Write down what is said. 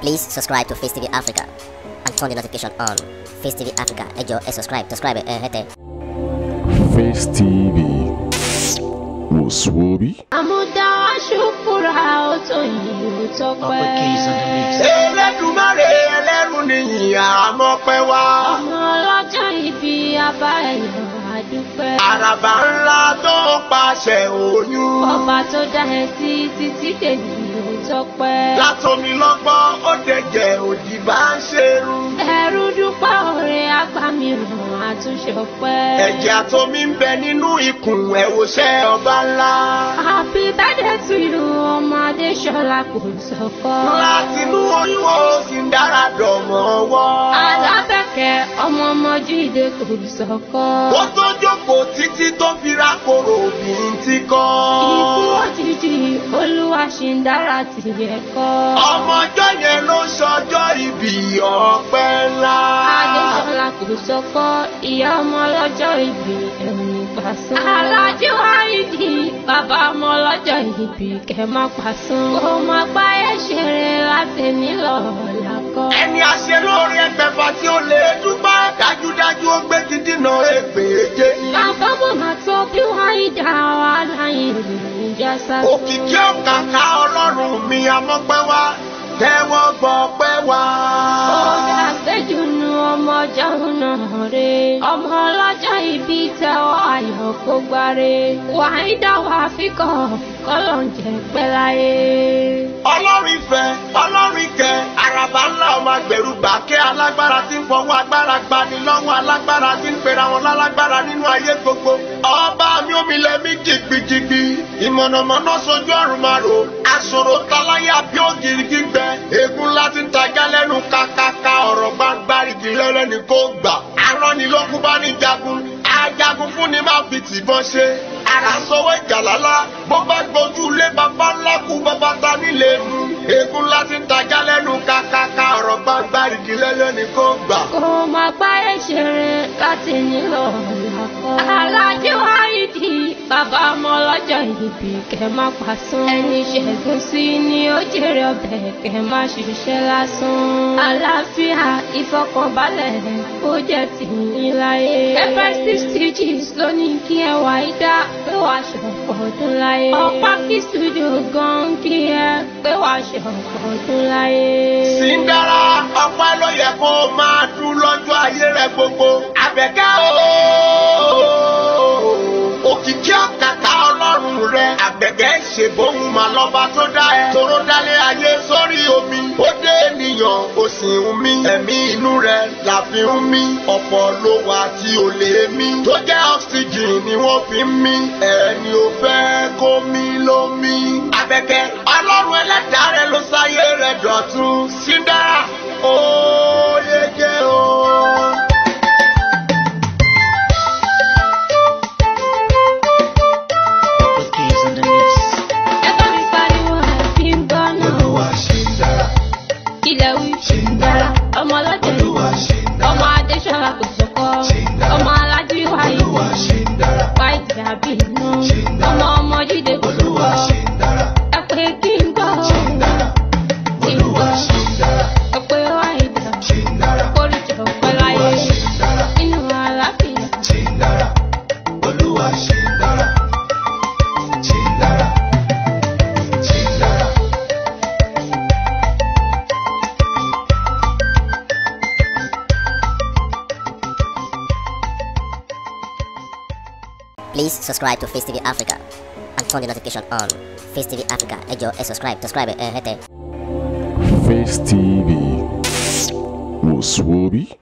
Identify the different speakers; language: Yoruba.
Speaker 1: Please subscribe to Face TV Africa and turn the notification on. Face TV Africa, ejo, e subscribe, subscribe, eh, hete. Face TV Muswobi.
Speaker 2: Amuda shukura otoyi Àràbà ńlá pàṣẹ ọba tó dá ẹ sí títí dèní ló tọpẹ́. látọmi
Speaker 1: lọ́gbọ́n ó dẹ̀jẹ̀ òdì bá ń ṣerú.
Speaker 2: ẹrú dúpẹ́ òre agbámirun àtúnṣe ọpẹ́. ẹ̀jẹ̀
Speaker 1: àtomi ń bẹ nínú ikùn ẹ̀wòṣẹ́ ọba ńlá.
Speaker 2: àfi bẹ́ẹ̀ tu ìlú ọmọdé ṣọlá kò sọkọ. láti inú
Speaker 1: oyún ó sì ń
Speaker 2: dára dọ̀mọ́ wọ́. alábẹ́kẹ̀ ọmọ ọmọ jíde kò sọkọ. ó
Speaker 1: tó kò títí tó fi ra koro obìnrin ti kọ́. ikú
Speaker 2: òjijì olúwa ṣì ń dára tì yẹ kọ́. ọmọjọ́ yẹn ló ṣọjọ́ ìbí ọpẹ́ ńlá. adéṣọlá kò sọkọ ìyá ọmọ lọ́jọ́ ìbí ẹ̀wọ̀n pàṣán. alájí wá ìdí bàbá ọmọ lọ́jọ́ ìbí kẹ́ má pàṣán. kò mọ páyé ṣeré láti nílò ọ̀la kọ́. ẹni
Speaker 1: àṣẹ lórí ẹgbẹ̀fà tí ó lè
Speaker 2: dúpẹ́ dájúdájú ó gbé ti dínà òkìkí ọ̀kàkà ọlọ́run
Speaker 1: mi amọ́pẹ́ wá tẹ́wọ́ gbọ́ pẹ́ wá. ọ̀gá
Speaker 2: àgbẹ̀jù nu ọmọ jáun náà rè ọmọ ọlọ́jọ́ ibi tẹ́wọ́ ayọ̀ kó gbáre wàá dáwọ́ àfikọ́ kọ́lọ̀ ń jẹ́ pẹ́ láyé.
Speaker 1: ọlọ́run ìfẹ́ ọlọ́run ìkẹ́ àràbà ńlá ọmọ agbẹ̀rù bàkẹ́ alágbára tí ń fọwọ́ agbára gbani lọ́wọ́ alágbára tí ń pera wọn lálágbára nínú ayé gbogbo jìgìjìgì ìmọ̀nàmọ́ná sojú ọ̀run márò àṣòro taláyà bí ògiri gbígbẹ egun láti tajà lẹ́nu kàkàkà ọ̀rọ̀ gbangbarigi lẹ́rẹ́ ni kò gbà aránilókun bá ní jagun ajagun fún ni máa fi tìbọn ṣe ara sọwọ́ ìjàlálá bó bá gbójú lé bàbá ńlá kú bàbá ta nílé nu egun láti tajà lẹ́nu kàkàkà ọ̀rọ̀ gbangbarigi lẹ́rẹ́ ni kò
Speaker 2: gbà. kò má pa ẹ̀ṣẹ̀ rẹ̀ láti nílò ọ̀la bàbá ọmọ ọlọ́jọ́ ìbí kẹ́ má pa sán. ẹni ṣẹ̀gùn sí ni ó jèrè ọbẹ̀ kẹ́ má ṣiṣẹ́ lásán. àlàáfíà ìfọkànbalẹ̀ ó jẹ́ tìyín láyé. eversix teachings ló ní kí ẹ wá ìdá pé wàá ṣọ̀pọ̀ ọdún láyé. ọ̀pá kí studio gan kí ẹ pé wàá ṣọ̀pọ̀ ọdún láyé.
Speaker 1: Síndárà ọpẹ́ ló yẹ kó máa dún lọ́jọ́ ayé rẹ̀ gbogbo. àbẹ̀kẹ́ ṣe bóun mà lọ́ba tó dá ẹ. toró dálé ayé sórí omi. ó dé ènìyàn ó sì ń mí. ẹ̀mí inú rẹ̀ la fi ń mí. ọ̀pọ̀ ló wà tí ò lè mí. tó jẹ́ oxygen ni wọ́n fi ń mí. ẹ̀
Speaker 2: dára ọmọ ọlọ́jẹ̀
Speaker 1: Please subscribe to Face TV Africa and turn the notification on. Face TV Africa, ejo, e subscribe, subscribe, eh, hete. Face TV was Swoby.